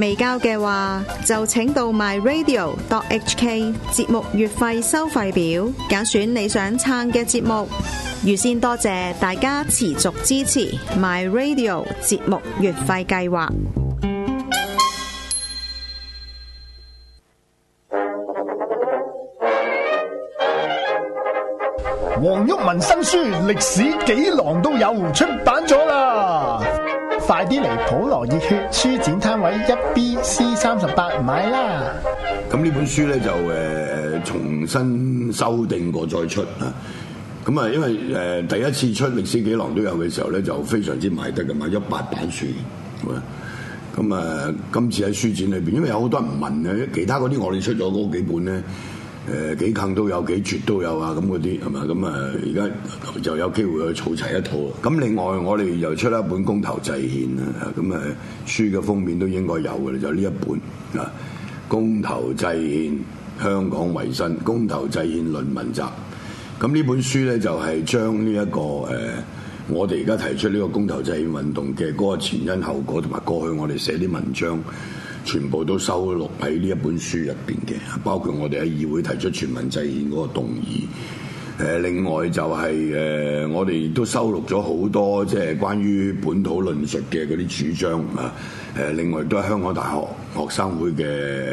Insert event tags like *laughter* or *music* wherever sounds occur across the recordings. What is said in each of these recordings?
未交嘅話，就請到 myradio.hk 節目月費收費表，揀選你想撐嘅節目。預先多謝，謝大家持續支持 myradio 節目月費計劃。黃毓民新書《歷史幾郎》都有出版咗啦。快啲嚟普羅熱血書展攤位一 B C 三十八買啦！咁呢本書咧就誒、呃、重新修訂過再出啊！咁啊，因為誒、呃、第一次出《歷史幾郎》都有嘅時候咧，就非常之賣得嘅賣一百版書咁啊，啊，今次喺書展裏邊，因為有好多人問嘅，其他嗰啲我哋出咗嗰幾本咧。誒、呃、幾近都有幾絕都有啊！咁嗰啲係嘛？咁啊，而家就有機會去儲齊一套。咁另外我哋又出一本《公投制憲》啊。咁啊，書嘅封面都應該有嘅，就呢一本啊，《公投制憲》香港維新，公投制憲論文集。咁呢本書咧就係、是、將呢、這、一個誒、啊，我哋而家提出呢個公投制憲運動嘅嗰個前因後果，同埋過去我哋寫啲文章。全部都收錄喺呢一本書入邊嘅，包括我哋喺議會提出全民制憲嗰個動議。誒、呃，另外就係、是、誒、呃、我哋都收錄咗好多即係關於本土論述嘅嗰啲主張啊。誒、呃，另外都係香港大學學生會嘅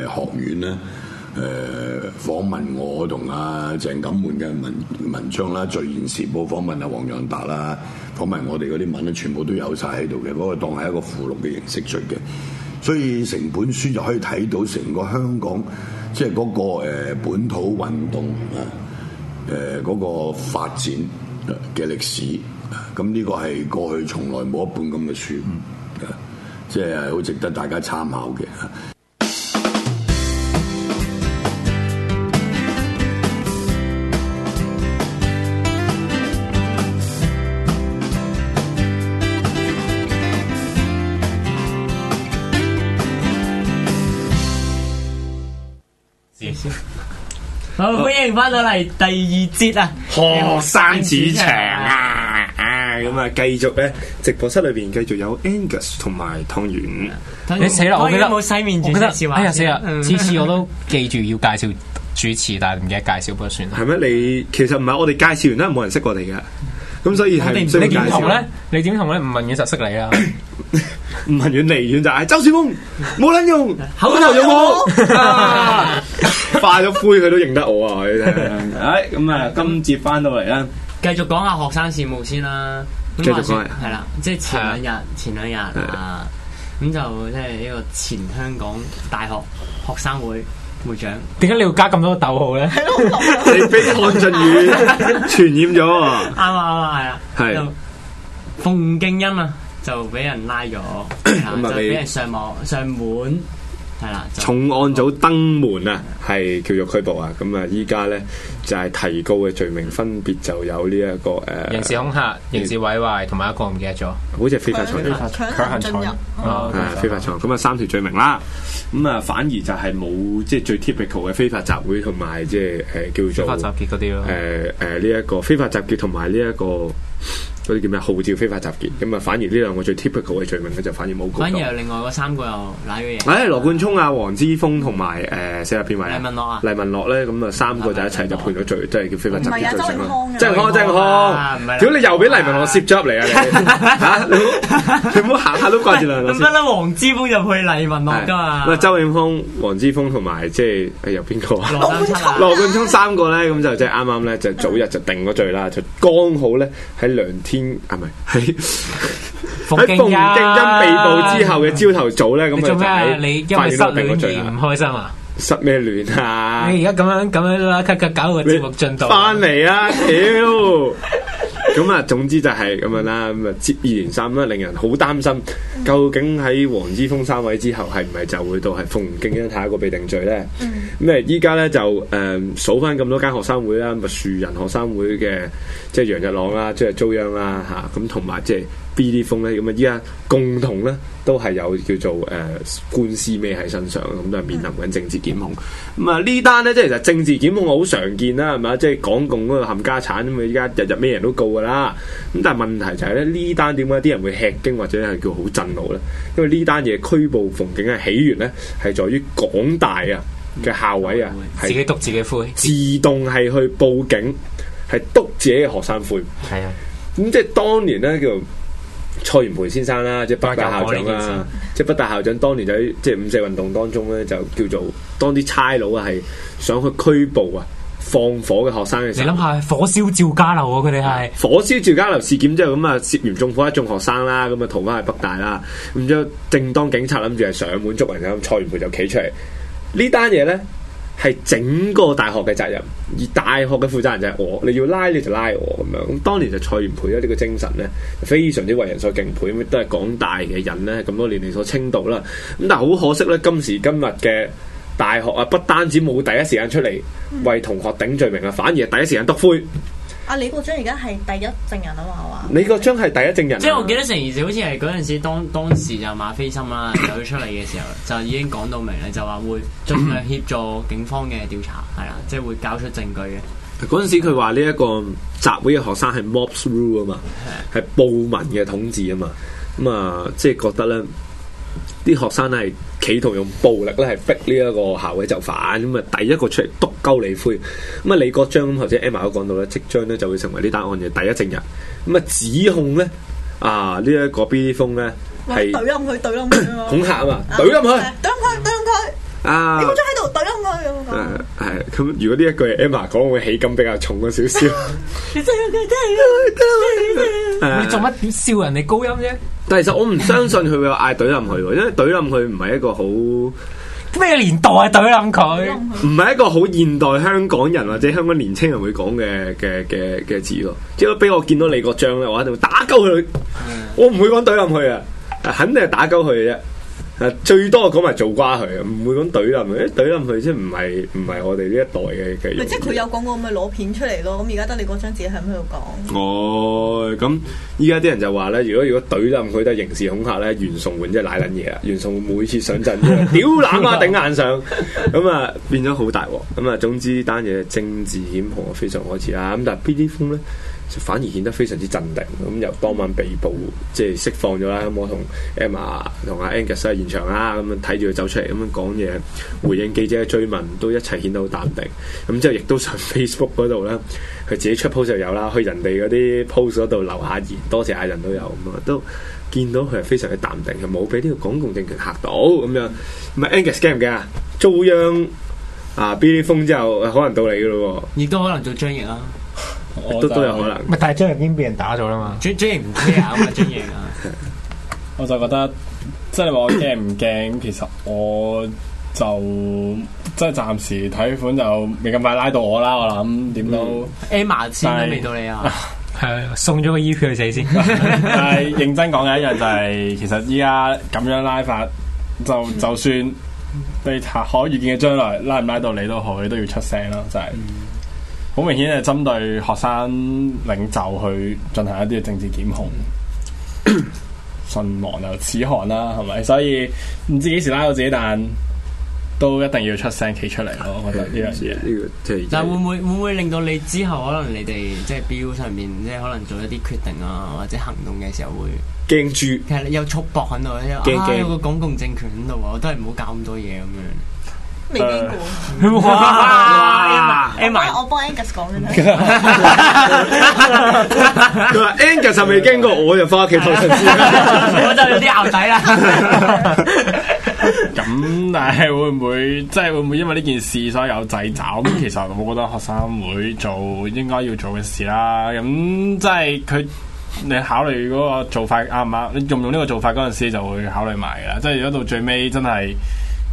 學苑咧，誒訪問我同阿鄭錦滿嘅文文章啦，聚言時報訪問阿黃洋達啦，訪問我哋嗰啲文咧、啊，全部都有晒喺度嘅。嗰、那個當係一個附錄嘅形式出嘅。所以成本書就可以睇到成個香港即係嗰、那個誒、呃、本土運動啊誒嗰個發展嘅歷史，咁呢個係過去從來冇一本咁嘅書，啊、即係好值得大家參考嘅。好，歡迎翻到嚟第二節啊，學生主場啊，咁啊，繼續咧，直播室裏邊繼續有 Angus 同埋湯圓，你死啦！我記得冇西面主持嘅笑話，哎呀死啦！次次我都記住要介紹主持，但係唔記得介紹，不算係咩？你其實唔係我哋介紹完都冇人識我哋噶，咁所以係你點同咧？你點同咧？唔問嘅就識你啊！唔係遠離遠就係周志峰，冇撚用，口頭有冇？化咗灰佢都認得我啊！佢。唉，咁啊，今節翻到嚟啦。繼續講下學生事務先啦。繼續先係啦，即係前兩日，前兩日啊，咁就即係呢個前香港大學學生會會長。點解你要加咁多個逗號咧？你俾漢俊宇傳染咗啊！啱啊啱啊，係啊係。馮敬恩啊！就俾人拉咗，就俾人上網上門，係啦。重案組登門啊，係叫做拘捕啊。咁啊，依家咧就係提告嘅罪名，分別就有呢一個誒，刑事恐嚇、刑事毀壞同埋一個唔記得咗，好似係非法藏匿、強行進入啊，非法藏。咁啊，三條罪名啦。咁啊，反而就係冇即係最 typical 嘅非法集會同埋即係誒叫做非法集結嗰啲咯。誒誒，呢一個非法集結同埋呢一個。所以點樣號召非法集結？咁啊，反而呢兩個最 typical 嘅罪名咧，就反而冇。反而另外嗰三個又瀨嘢？誒，羅冠聰啊、黃之鋒同埋誒，寫下邊位黎文樂啊？黎文樂咧，咁啊，三個就一齊就判咗罪，即係叫非法集結罪嘛。鄭康，鄭康。啊，唔係啦！屌你又俾黎文樂攝咗入嚟啊！你嚇，你唔好下下都掛住黎文樂先。黃之鋒入去黎文樂㗎嘛？咪周永康，黃之鋒同埋即係誒有邊個？羅冠聰羅冠聰三個咧，咁就即係啱啱咧，就早日就定咗罪啦，就剛好咧喺梁天。係咪喺喺馮敬恩被捕之後嘅朝頭早咧？咁就係你因為失戀唔開心啊？失咩戀啊？你而家咁樣咁樣啦，cut cut 搞個節目進度，翻嚟啊！屌！咁啊，總之就係咁樣啦，咁啊接二連三咁令人好擔心。究竟喺黃之鋒三位之後，係唔係就會到係馮敬恩睇下一個被定罪咧？咁啊、嗯，依、呃、家咧就誒數翻咁多間學生會啦，咪樹人學生會嘅即係楊日朗啦，嗯、即係遭殃啦嚇，咁同埋即係。B 啲風咧，咁啊依家共同咧都係有叫做誒、呃、官司咩喺身上，咁都係面臨緊政治檢控。咁啊呢單咧，即 *noise* 係其實政治檢控好常見啦，係咪？即係港共嗰個冚家產咁啊，依家日日咩人都告噶啦。咁但係問題就係、是、咧，呢單點解啲人會吃驚或者係叫好震怒咧？因為呢單嘢拘捕馮敬恩嘅起源咧，係在於港大啊嘅校委啊，自己督自己灰，嗯嗯、會自動係去報警，係督自己嘅學生灰。係啊，咁 *noise* 即係當年咧叫。蔡元培先生啦，即係北大校長啦，即係 *music* 北大校長當年就喺即係五四運動當中咧，就叫做當啲差佬啊，係想去拘捕啊、放火嘅學生嘅時候，你諗下火燒趙家樓啊，佢哋係火燒趙家樓事件之後咁啊，涉嫌縱火一眾學生啦，咁啊逃翻去北大啦，咁就正當警察諗住係上門捉人咁，蔡元培就企出嚟呢單嘢咧。係整個大學嘅責任，而大學嘅負責人就係我，你要拉你就拉我咁樣。咁當年就蔡元培咗呢個精神呢，非常之為人所敬佩，咁都係港大嘅人呢，咁多年嚟所稱道啦。咁但係好可惜呢，今時今日嘅大學啊，不單止冇第一時間出嚟為同學頂罪名啊，反而係第一時間篤灰。啊，李國章而家係第一證人啊嘛，係嘛？李國章係第一證人，啊。即係我記得，成件事好似係嗰陣時當當時就馬斐森啦，啊，走咗出嚟嘅時候 *coughs* 就已經講到明啦，就話會盡量協助警方嘅調查，係啦，即係會交出證據嘅。嗰陣時佢話呢一個集會嘅學生係 mob rule 啊嘛，係暴的民嘅統治啊嘛，咁、嗯、啊即係覺得咧。啲學生咧係企圖用暴力咧係逼呢一個校委就範，咁啊第一個出嚟督鳩李灰。咁啊李國章頭先 Emma 都講到咧，即將咧就會成為呢單案嘅第一證人，咁啊指控咧啊呢一個 B 風咧係懟咗佢，懟咗佢恐嚇啊嘛，懟咗佢，懟佢懟佢啊，點解喺度懟咁佢？誒，係咁，如果呢一句係 Emma 講，會喜感比較重少少。你真真佢你做乜點笑人哋高音啫？但其實我唔相信佢會嗌，懟冧佢，因為懟冧佢唔係一個好咩年代懟冧佢，唔係一個好現代香港人或者香港年青人會講嘅嘅嘅嘅字咯。如果俾我見到李國章咧，我一定會打鳩佢，嗯、我唔會講懟冧佢啊，肯定係打鳩佢嘅啫。最多講埋做瓜佢，唔會咁懟冧佢，懟冧佢即係唔係唔係我哋呢一代嘅嘅。唔即係佢有講過，咪攞片出嚟咯。咁而家得你嗰張自己喺度講？哦，咁而家啲人就話咧，如果如果懟冧佢都係刑事恐嚇咧，袁崇煥即係瀨緊嘢啦。袁崇煥每次上陣屌冷啊，頂硬上，咁啊變咗好大鑊。咁啊，總之單嘢政治險惡非常可恥啦。咁但係邊啲風咧？反而顯得非常之鎮定，咁、嗯、由當晚被捕即係釋放咗啦。咁、嗯、我同 Emma 同阿 Angus 喺現場啦，咁樣睇住佢走出嚟，咁、嗯、樣講嘢，回應記者嘅追問，都一齊顯得好淡定。咁、嗯、之後亦都上 Facebook 嗰度啦，佢自己出 post 就有啦，去人哋嗰啲 post 嗰度留下言，多謝阿人都有咁啊、嗯，都見到佢係非常之淡定嘅，冇俾呢個港共政權嚇到咁樣。唔係 Angus 驚唔驚啊？遭殃啊！避啲風之後可能到你嘅咯喎，亦都可能做張翼啦。我都都有可能，但係張玉堅俾人打咗啦嘛。張張唔 c 啊，r e 啊嘛，張啊， *laughs* 我就覺得即係話我驚唔驚？其實我就即係暫時睇款就未咁快拉到我啦，我諗點都、嗯、Emma 先都未是到你啊，係、啊、 *laughs* 送咗個 e P 去死先。 *laughs* 但係認真講嘅一樣就係、是，其實依家咁樣拉法，就就算對查可預見嘅將來拉唔拉到你都好，你都要出聲咯，就係、是。嗯好明顯係針對學生領袖去進行一啲政治檢控，唇 *coughs* 亡又齒寒啦，係咪？所以唔知幾時拉到自己，但都一定要出聲企出嚟咯。我覺得呢樣嘢。嗱，會唔會，會唔會令到你之後可能你哋即係標上面，即係可能做一啲決定啊或者行動嘅時候會驚住？著其實有束縛喺度鏡、啊，有個港共政權喺度喎，我都係唔好搞咁多嘢咁樣。未經過，哇 e m m 我幫 Angus 講啦。佢話 Angus 未經過，我就翻屋企投我就有啲牛仔啦。咁， *laughs* 但係會唔會，即係會唔會因為呢件事所以有掣肘？咁其實我覺得學生會做應該要做嘅事啦。咁即係佢，你考慮嗰個做法啱唔啱？你用唔用呢個做法嗰陣時就會考慮埋噶啦。即係如果到最尾真係。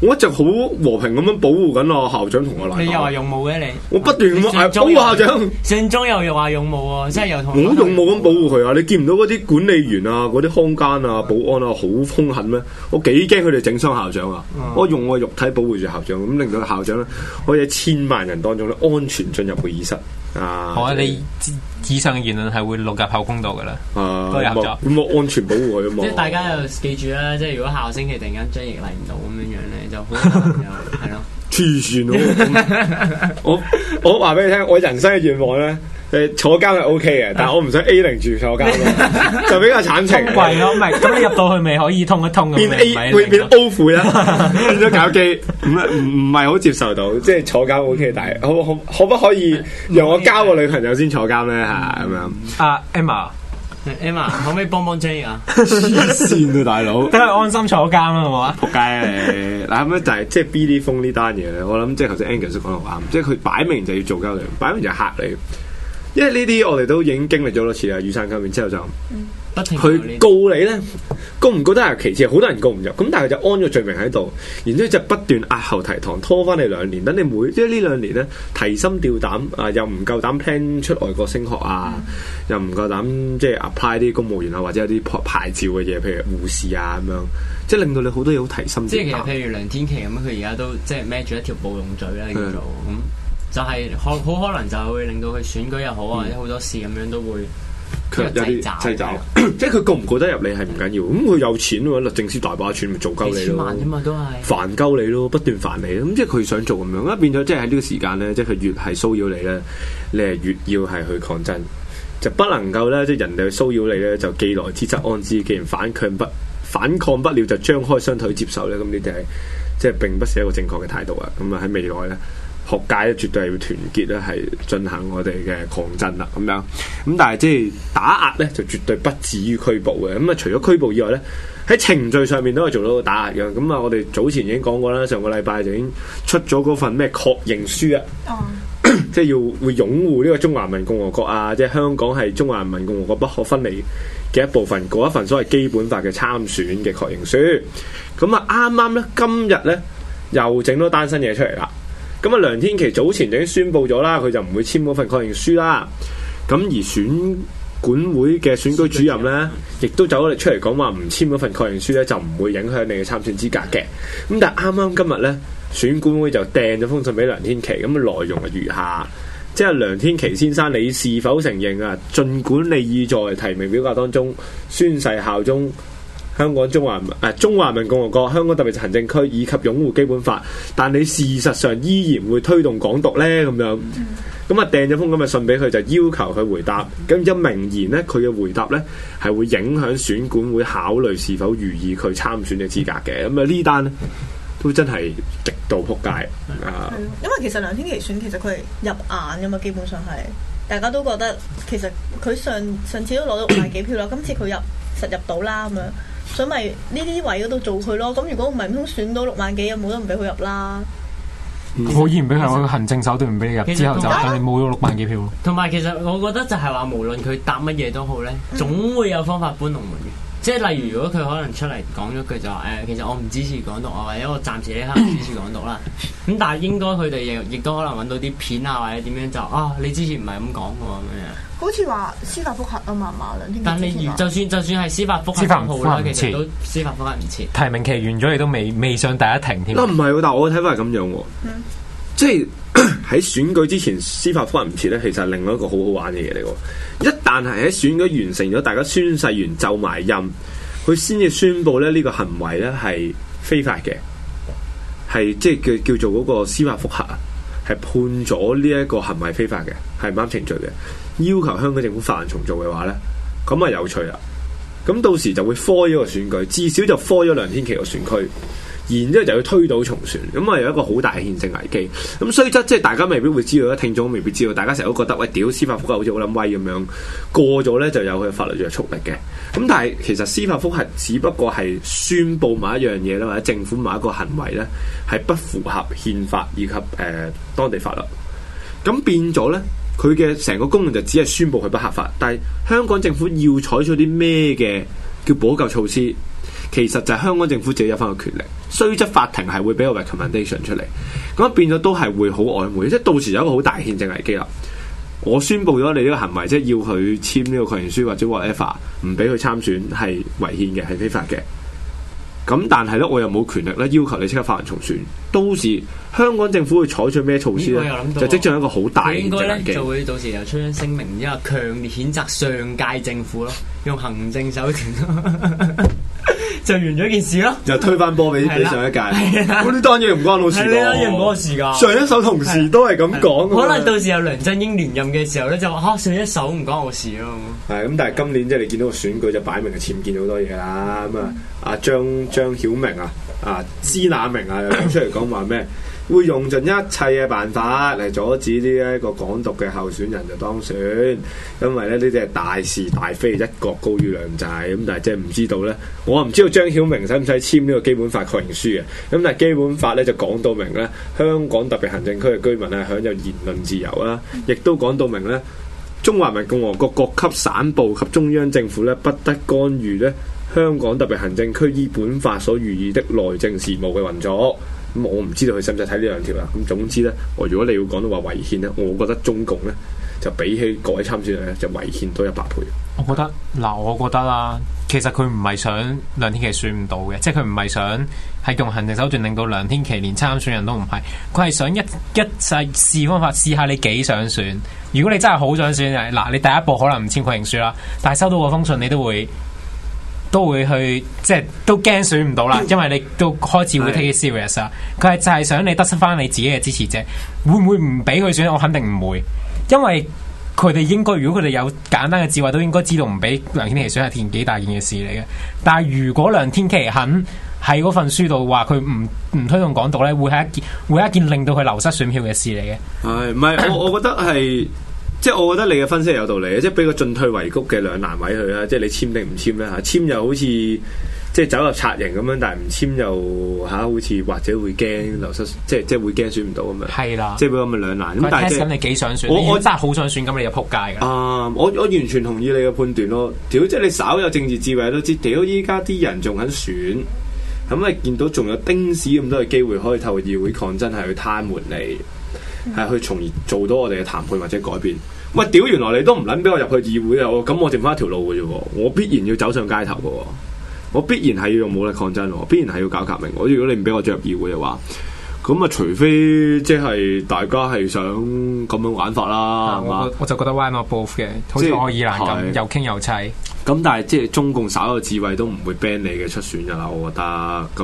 我一直好和平咁樣保護緊我校長同我嚟，你，你又話用武嘅你，我不斷誒，中校長姓鍾又又話勇武啊，即係又同我好用武咁保護佢啊！你，啊你見唔到嗰啲管理員啊、嗰啲看更啊、保安啊好兇狠咩？我幾驚佢哋整傷校長啊！嗯、我用我肉體保護住校長，咁令到校長咧可以喺千萬人當中咧安全進入會議室啊！好啊，以你以上嘅言論係會落入口供度噶啦，都入咗咁我安全保護佢啊！即係 *laughs* 大家又記住啦，即係如果下個星期突然間張翼嚟唔到咁樣樣就係咯，坐船咯。我我話俾你聽，我人生嘅願望咧，誒坐監係 O K 嘅，但係我唔想 A 零住坐監， *laughs* 就比較慘情貴咯。唔係，咁你入到去咪可以通一通，變 A 會變 O 負啊，變咗搞基，唔唔唔係好接受到。即係 *laughs* 坐監 O K，但係可可可唔可以讓我交個女朋友先坐監咧？吓咁、嗯嗯、樣。阿、uh, Emma。Emma 可唔 *laughs* 可以幫幫 Jay 啊？黐線啊，大佬，都係 *laughs* 安心坐監啦，係好啊好？仆街！啊你！嗱咁樣就係即係 BD 封呢單嘢咧，我諗即係頭先 Angus 講到啱，即係佢擺明就要做交易，擺明就係嚇你。因為呢啲我哋都已經經歷咗多次啦，雨傘革命之後就，不停去告你咧，告唔告得入其次，好多人告唔入，咁但係就安咗罪名喺度，然之後就不斷押後提堂，拖翻你兩年，等你每即係呢兩年咧，提心吊膽啊、呃，又唔夠膽 plan 出外國升學啊，嗯、又唔夠膽即係 apply 啲公務員啊，或者有啲牌照嘅嘢，譬如護士啊咁樣，即係令到你好多嘢好提心。即係其實譬如梁天琦咁樣，佢而家都即係孭住一條暴動嘴，咧叫做就係好可能就會令到佢選舉又好啊，或者好多事咁樣都會佢有啲掣肘，即係佢過唔過得入嚟係唔緊要。咁佢、嗯、有錢喎、啊，律政司大把錢咪、嗯、做鳩你咯，幾千萬啫嘛都係煩鳩你咯，不斷煩你。咁即係佢想做咁樣，一變咗即係喺呢個時間咧，即係佢越係騷擾你咧，你係越要係去抗爭，就不能夠咧，即係人哋去騷擾你咧，就既來之則安之。既然反抗不反抗不了，就張開雙腿接受咧。咁呢啲係即係並不是一個正確嘅態度啊。咁啊喺未來咧，學界咧，絕對係要團結咧，係進行我哋嘅抗爭啦。咁樣咁，但係即係打壓咧，就絕對不至於拘捕嘅。咁啊，除咗拘捕以外咧，喺程序上面都係做到打壓嘅。咁啊，我哋早前已經講過啦，上個禮拜就已經出咗嗰份咩確認書啊，即係、oh. *coughs* 就是、要會擁護呢個中華民共和國啊，即、就、係、是、香港係中華人民共和國不可分離嘅一部分嗰一份所謂基本法嘅參選嘅確認書。咁啊，啱啱咧今日咧又整多單新嘢出嚟啦。咁啊，梁天琦早前就已經宣布咗啦，佢就唔會簽嗰份確認書啦。咁而選管會嘅選舉主任呢，亦都走咗出嚟講話，唔簽嗰份確認書呢，就唔會影響你嘅參選資格嘅。咁但係啱啱今日呢，選管會就掟咗封信俾梁天琦。咁內容啊如下，即係梁天琦先生，你是否承認啊？儘管你意在提名表格當中宣誓效忠。香港中華民誒、啊、中華民共和國香港特別是行政區以及擁護基本法，但你事實上依然會推動港獨呢？咁樣，咁啊掟咗封咁嘅信俾佢，就要求佢回答。咁一明言呢，佢嘅回答呢，係會影響選管會考慮是否予以佢參選嘅資格嘅。咁啊呢單都真係極度撲街啊！因為其實梁天琦選其實佢入眼嘅嘛，基本上係大家都覺得其實佢上上次都攞到幾票啦，今次佢入實入到啦咁樣。所以咪呢啲位嗰度做佢咯，咁如果唔係唔通選到六萬幾，又有冇得唔俾佢入啦？我依然俾佢，我行政手段唔俾佢入，之後就等你冇咗六萬幾票。同埋、啊、其實我覺得就係話，無論佢搭乜嘢都好咧，總會有方法搬龍門嘅。即係例如，如果佢可能出嚟講咗句就話：誒、欸，其實我唔支持港獨啊，或者我暫時咧係唔支持港獨啦。咁 *coughs* 但係應該佢哋亦亦都可能揾到啲片啊，或者點樣就啊，你之前唔係咁講喎咩啊？好似話司法覆核啊嘛，馬梁添。但你就算就算係司法覆核唔好啦，其實都司法覆核唔切。提名期完咗，你都未未上第一庭添。嗱，唔係，但我嘅睇法係咁樣，嗯、即係喺 *coughs* 選舉之前司法覆核唔切咧，其實係另外一個好好玩嘅嘢嚟嘅。一旦係喺選舉完成咗，大家宣誓完就埋任，佢先至宣布咧呢個行為咧係非法嘅，係即係叫叫做嗰個司法覆核啊，係判咗呢一個行為非法嘅，係唔啱程序嘅。要求香港政府發行重做嘅話呢，咁啊有趣啊！咁到時就會科咗個選舉，至少就科咗梁天琦個選區，然之後就要推倒重選，咁啊有一個好大嘅憲政危機。咁所以即係大家未必會知道啦，聽眾未必知道，大家成日都覺得喂，屌司法覆核好似好撚威咁樣，過咗呢，就有佢法律約束力嘅。咁但係其實司法覆核只不過係宣布某一樣嘢咧，或者政府某一個行為呢，係不符合憲法以及誒、呃、當地法律，咁變咗呢。佢嘅成個功能就只係宣佈佢不合法，但係香港政府要採取啲咩嘅叫補救措施，其實就係香港政府自己有翻個權力。雖則法庭係會俾個 recommendation 出嚟，咁變咗都係會好曖昧，即係到時有一個好大憲政危機啦。我宣佈咗你呢個行為，即係要佢簽呢個確認書或者 whatever，唔俾佢參選係違憲嘅，係非法嘅。咁但係咧，我又冇權力咧要求你即刻發還重選。到時香港政府會採取咩措施咧？哎、我諗到就即將一個好大嘅震驚，就會到時又出聲聲明後，因為強烈譴責上屆政府咯，用行政手段。 *laughs* 就完咗件事咯，就推返波俾俾上一屆，嗰啲單嘢唔關我事，呢單嘢唔關我事噶。 *laughs* 事上一首同事都係咁講，可能到時候梁振英連任嘅時候咧，就話嚇上一首唔關我事咯。係咁，但係今年即係、就是、你見到個選舉就擺明係潛見好多嘢啦。咁啊，阿張張曉明啊，啊支那明啊，又出嚟講話咩？ *coughs* 會用盡一切嘅辦法嚟阻止呢一個港獨嘅候選人就當選，因為咧呢啲係大是大非，一國高於兩制咁，但係即係唔知道呢，我唔知道張曉明使唔使簽呢、這個基本法確認書嘅，咁但係基本法咧就講到明呢，香港特別行政區嘅居民係享有言論自由啦，亦都講到明呢，中華人民共和國各級省部及中央政府咧不得干預咧香港特別行政區依本法所寓意的內政事務嘅運作。咁、嗯、我唔知道佢使唔使睇呢兩條啦。咁、嗯、總之呢，我如果你要講到話違憲呢，我覺得中共呢，就比起各位參選人呢，就違憲多一百倍。我覺得嗱，我覺得啦，其實佢唔係想梁天琦選唔到嘅，即係佢唔係想係用行政手段令到梁天琦連參選人都唔係，佢係想一一切試，試方法試下你幾想選。如果你真係好想選，嗱你第一步可能唔簽確認書啦，但係收到嗰封信你都會。都會去，即係都驚選唔到啦，因為你都開始會 take serious 啦是。佢係就係想你得失翻你自己嘅支持者，會唔會唔俾佢選？我肯定唔會，因為佢哋應該如果佢哋有簡單嘅智慧，都應該知道唔俾梁天琦選係田幾大件嘅事嚟嘅。但係如果梁天琦肯喺嗰份書度話佢唔唔推動港獨咧，會係一件會係一件令到佢流失選票嘅事嚟嘅。係，唔係 *coughs* 我我覺得係。即係我覺得你嘅分析係有道理，即係俾個進退維谷嘅兩難位佢啦，即係你簽定唔簽咧吓？簽、啊、又好似即係走入賊營咁樣，但係唔簽又吓好似或者會驚流失，即係即係會驚選唔到咁樣。係啦，即係咁咪兩難咁。但係是咁是你幾想選？我我真係好想選咁，你又扑街噶。啊，我我完全同意你嘅判斷咯。屌，即係你稍有政治智慧都知，屌依家啲人仲肯選，咁、嗯、你見到仲有丁屎咁多嘅機會可以透過議會抗爭係去癱瘓你。係去從而做到我哋嘅談判或者改變，喂屌！原來你都唔捻俾我入去議會啊？咁我剩翻一條路嘅啫，我必然要走上街頭嘅，我必然係要用武力抗爭，我必然係要搞革命。我如果你唔俾我進入議會嘅話，咁啊，除非即係大家係想咁樣玩法啦，我,者我就覺得 why not both 嘅、就是，好似愛爾蘭咁是，又傾又砌。咁但係即係中共稍有智慧都唔會 ban 你嘅出選嘅啦，我覺得。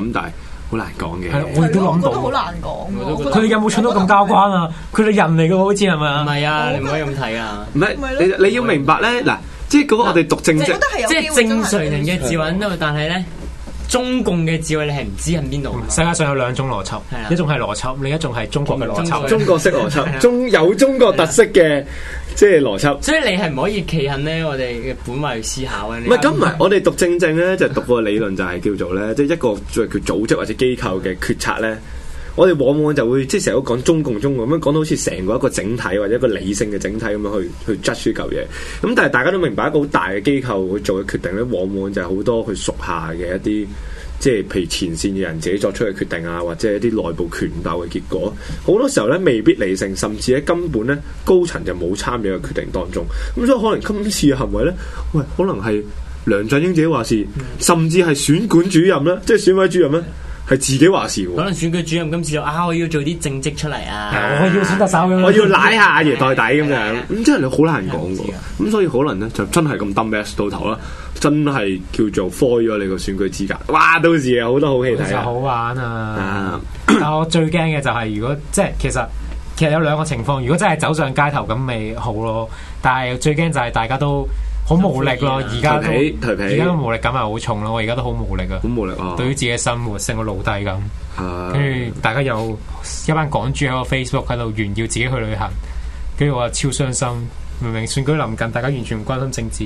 咁但係。好難講嘅，的我亦都諗到，好難講。佢哋有冇蠢到咁交關啊？佢哋人嚟噶，好似係咪啊？唔係啊，是啊，你唔可以咁睇啊！唔係，你你要明白咧，嗱，即係嗰個我哋讀正字，即係正，正常人嘅字韻咯，確啊、但係咧。中共嘅智慧你係唔知喺邊度？世界上有兩種邏輯，的一種係邏輯，另一種係中國嘅邏輯，中國，中國式邏輯，中 *laughs* 的有中國特色嘅即係邏輯。所以你係唔可以企喺咧我哋嘅本位思考嘅。唔係咁唔， *laughs* 我哋讀正正咧就係、讀個理論就係叫做咧， *laughs* 即係一個即係佢組織或者機構嘅決策咧。我哋往往就會即係成日都講中共中共咁樣，講到好似成個一個整體，或者一個理性嘅整體咁樣，去去質輸嚿嘢。咁但係大家都明白一個好大嘅機構去做嘅決定咧，往往就係好多佢屬下嘅一啲即係譬如前線嘅人自己作出嘅決定啊，或者一啲內部權鬥嘅結果。好多時候咧，未必理性，甚至喺根本咧高層就冇參與嘅決定當中。咁所以可能今次嘅行為咧，喂，可能係梁振英自己話事，甚至係選管主任啦，即係選委主任咧。係自己話事喎，可能選舉主任今次就啊，我要做啲政績出嚟啊，啊我要選特首咁， *laughs* 我要拉下阿爺袋底咁樣，咁即係你好難講嘅，咁所以可能咧就真係咁 dump 到頭啦，對對對對真係叫做 fire 咗你個選舉資格，哇，到時有好多好戲睇啊，好玩啊！ *laughs* 但我最驚嘅就係如果即係其實其實有兩個情況，如果真係走上街頭咁咪好咯，但係最驚就係大家都。好無力咯！而家而家都無力感係好重咯，我而家都好無，無力啊！好無力啊！對於自己嘅生活，成個奴隸咁。跟住、啊、大家又，一班港豬喺個 Facebook 喺度炫耀自己去旅行，跟住我就超傷心。明明選舉臨近，大家完全唔關心政治。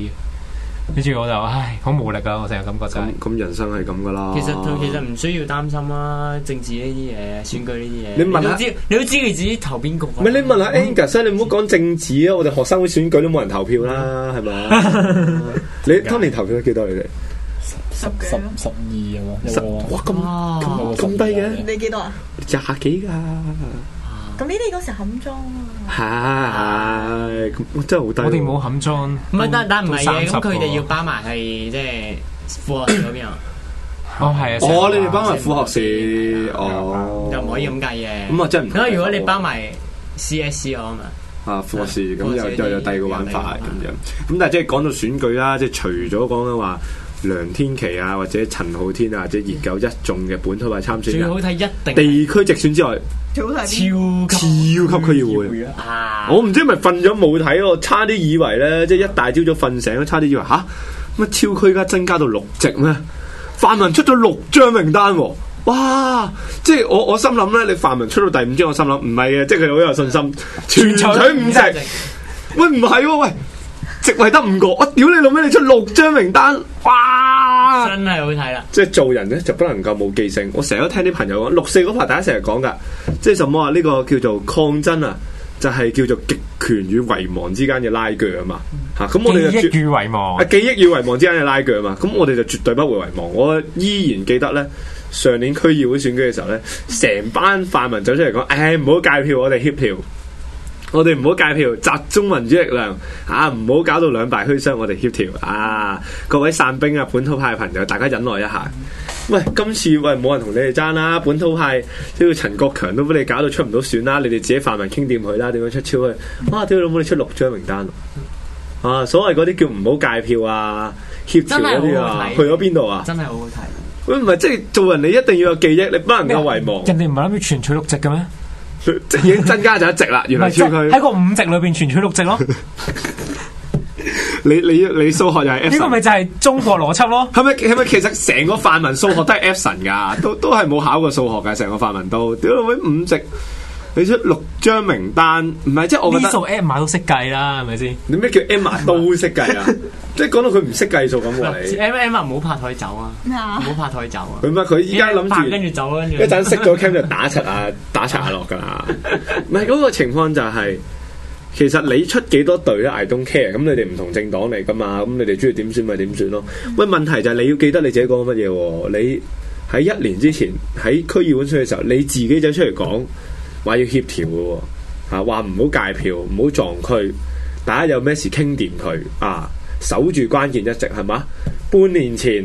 跟住我就唉，好無力啊！我成日感覺就咁咁人生係咁噶啦。其實其實唔需要擔心啦。政治呢啲嘢，選舉呢啲嘢。你問下，你都知你自己投邊個。唔係你問下 Angus，你唔好講政治啊！我哋學生會選舉都冇人投票啦，係咪你當年投票得幾多你哋？十十十二啊嘛？哇！咁咁低嘅，你幾多啊？廿幾㗎。咁呢啲嗰時冚裝啊！係，我真係好低。我哋冇冚裝。唔係，但但唔係嘅，咁佢哋要包埋係即係副學士嗰邊啊。哦，係啊。哦，你哋包埋副學士哦，又唔可以咁計嘅。咁啊，真唔。咁啊，如果你包埋 CSC 啊嘛。啊，副學士咁又又有第二個玩法咁樣。咁但係即係講到選舉啦，即係除咗講緊話。梁天琦啊，或者陳浩天啊，或者熱狗一眾嘅本土派參選人，地區直選之外，超，超級超級區議會、啊、我唔知係咪瞓咗冇睇咯，差啲以為咧，即係一大朝早瞓醒都差啲以為，吓、啊、乜超區而家增加到六席咩？泛民出咗六張名單喎，哇！即係我我心諗咧，你泛民出到第五張，我心諗唔係嘅，即係佢好有信心，啊、全取五席。啊、喂，唔係喎，喂。 *laughs* *laughs* 職位得五個，我屌你老味，你出六張名單，哇！真係好睇啦。即係做人咧，就不能夠冇記性。我成日都聽啲朋友講，六四嗰排大家成日講噶，即係什麼啊？呢、這個叫做抗爭啊，就係、是、叫做極權與遺忘之間嘅拉鋸啊嘛。吓、嗯，咁我哋就記憶與遺忘啊，記憶與遺忘之間嘅拉鋸啊嘛。咁我哋就絕對不會遺忘，我依然記得咧，上年區議會選舉嘅時候咧，成班泛民走出嚟講，誒，唔好介票，我哋協票。我哋唔好鎅票，集中民主力量啊！唔好搞到兩敗俱傷，我哋協調啊！各位散兵啊，本土派朋友，大家忍耐一下。喂，今次喂冇人同你哋爭啦，啊，本土派，陳都要陳國強都俾你搞到出唔到選啦，啊，你哋自己泛民傾掂佢啦，點樣出超去？哇，啊！點解冇你出六張名單啊？啊，所謂嗰啲叫唔好鎅票啊，協調嗰啲啊，去咗邊度啊？真係好好睇。喂，唔係，即係做人，你一定要有記憶，你不能夠遺忘。人哋唔係諗住全取六席嘅咩？已經增加咗一席啦， *laughs* 原來佢喺個五席裏邊全取六席咯。 *laughs* 你你你數學又係呢個，咪就係中國邏輯咯？係咪係咪其實成個泛民數學都係 F 神噶，都都係冇考過數學嘅，成個泛民都屌鬼五席。你出六張名單，唔係即係我覺得。數 M 碼都識計啦，係咪先？你咩叫 M 碼都識計啊？即係講到佢唔識計數咁喎你。e m m 唔好拍台走啊！唔好拍台走啊！佢唔係？佢依家諗住跟住走、啊，跟住一陣熄咗 cam 就打柒啊，打柒下落㗎啦。唔係嗰個情況就係、是，其實你出幾多隊 Don't care。咁你哋唔同政黨嚟㗎嘛？咁你哋中意點算咪點算咯？喂，問題就係你要記得你自己講乜嘢喎？你喺一年之前喺區議會出嘅時候，你自己走出嚟講、嗯。話要協調嘅，吓話唔好戒票，唔好撞區，大家有咩事傾掂佢啊，守住關鍵一席係嘛？半年前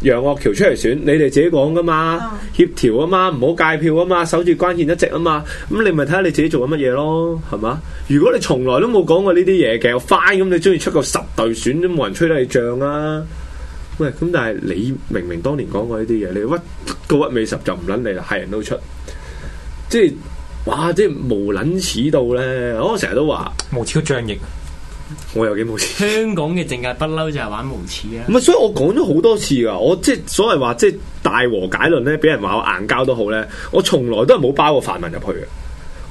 楊岳橋出嚟選，你哋自己講噶嘛，協調啊嘛，唔好戒票啊嘛，守住關鍵一席啊嘛，咁你咪睇下你自己做緊乜嘢咯，係嘛？如果你從來都冇講過呢啲嘢嘅，我 fine，咁你中意出個十隊選都冇人吹得你脹啊。喂，咁但係你明明當年講過呢啲嘢，你屈高屈尾十就唔捻你啦，係人都出，即係。哇！即係無捻恥到咧，我成日都話無恥到仗義。我有幾無恥？香港嘅政界不嬲就係玩無恥啊！唔係，所以我講咗好多次噶，我即係所謂話即係大和解論咧，俾人話我硬交都好咧，我從來都係冇包過泛民入去嘅。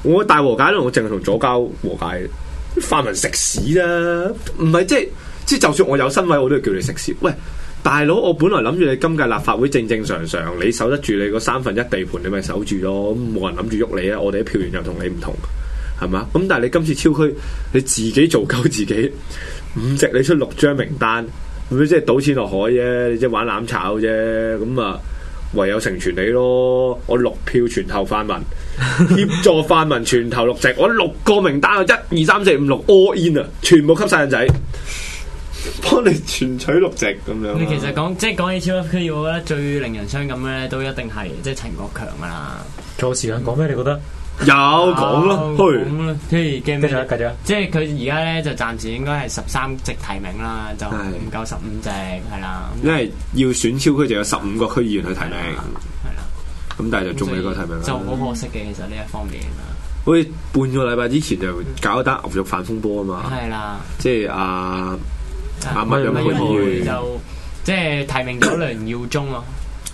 我大和解論，我淨係同左交和解。泛民食屎啦！唔係即係即係，就算我有身位，我都係叫你食屎。喂！大佬，我本來諗住你今屆立法會正正常常，你守得住你個三分一地盤，你咪守住咯。咁冇人諗住喐你啊！我哋啲票源又同你唔同，係嘛？咁但係你今次超區，你自己做夠自己五席，你出六張名單，咁即係賭錢落海啫，你即係玩攬炒啫。咁啊，唯有成全你咯。我六票全投泛民，協 *laughs* 助泛民全投六席，我六個名單啊，一二三四五六 all in 啊，全部吸晒人仔。幫你全取六席咁樣。你其實講即係講起超級區議員，我覺得最令人傷感咧，都一定係即係陳國強噶啦。仲有時間講咩？你覺得有講咯，去跟住咧繼續。即係佢而家咧就暫時應該係十三席提名啦，就唔夠十五席係啦。因為要選超區就有十五個區議員去提名，係啦。咁但係就仲未一個提名，就好可惜嘅。其實呢一方面，好似半個禮拜之前就搞單牛肉飯風波啊嘛。係啦，即係阿。慢慢啊！咪咁佢就即係提名咗梁耀忠咯，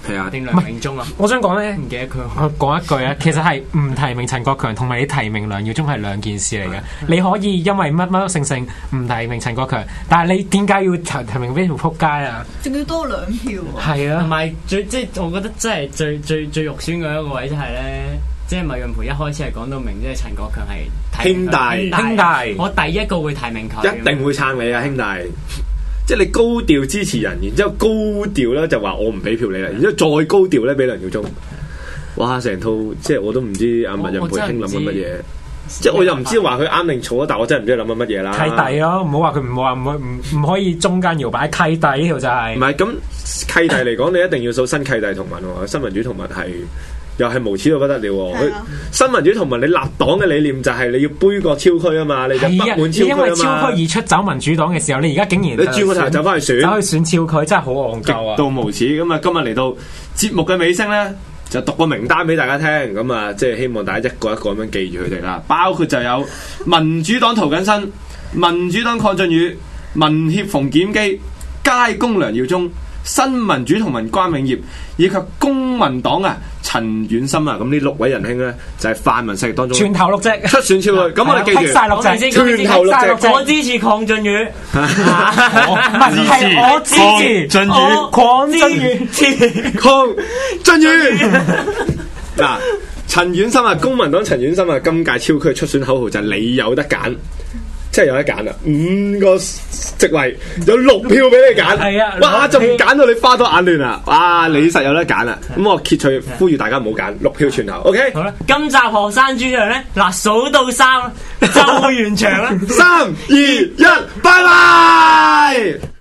係啊，定 *coughs* 梁永忠啊，啊！我想講咧，唔記得佢講一句啊， *laughs* 其實係唔提名陳國強同埋你提名梁耀忠係兩件事嚟嘅。 *coughs* 你可以因為乜乜性性唔提名陳國強，但係你點解要提名呢條撲街啊？仲要多兩票，係啊，同埋是、啊、最即係我覺得真係最最最肉酸嘅一個位就係咧。即係麥潤培一開始係講到明，即係陳國強係兄弟兄弟。我第一個會提名佢，一定會撐你啊，兄弟！ *laughs* 即係你高調支持人，然之後高調咧就話我唔俾票你啦，然之後再高調咧俾梁耀忠。哇！成套即係我都唔知阿麥潤培興諗緊乜嘢？啊、即係我又唔知話佢啱定錯，但我真係唔知諗緊乜嘢啦。契弟咯，唔好話佢唔話唔唔唔可以中間搖擺契弟呢條就係、是。唔係咁契弟嚟講， *laughs* *laughs* 你一定要數新契弟同文新民主同文係。又係無恥到不得了喎、啊！啊、新民主同盟，你立黨嘅理念就係你要杯葛超區啊嘛，你就不滿超區，啊、因為超區而出走民主黨嘅時候，你而家竟然，啊、你轉個頭走翻去選走去選超區，真係好戇鳩啊！極度無恥咁啊！今日嚟到節目嘅尾聲咧，就讀個名單俾大家聽，咁啊，即係希望大家一個一個咁樣記住佢哋啦。包括就有民主黨涂謹申、民主黨鄺俊宇、民協馮檢基、街工梁耀忠、新民主同盟關永業，以及公民黨啊。陳琬琛啊，咁呢六位仁兄咧就係泛民勢力當中，全頭六隻出選超區，咁我哋記住，我支持鄺俊宇，唔係係我支持，我支持鄺俊宇，支持鄺俊宇。嗱，陳琬琛啊，公民黨陳琬琛啊，今屆超區出選口號就係你有得揀。真係有得揀啦、啊，五個席位有六票俾你揀、啊，啊、哇！就唔揀到你花多眼亂啦、啊，哇！你實有得揀啦、啊，咁、啊嗯、我揭趣呼籲大家唔好揀，六票全投、啊，OK？好啦，今集學生豬糧咧，嗱數到三就完場啦， *laughs* 三二一， *laughs* 拜拜。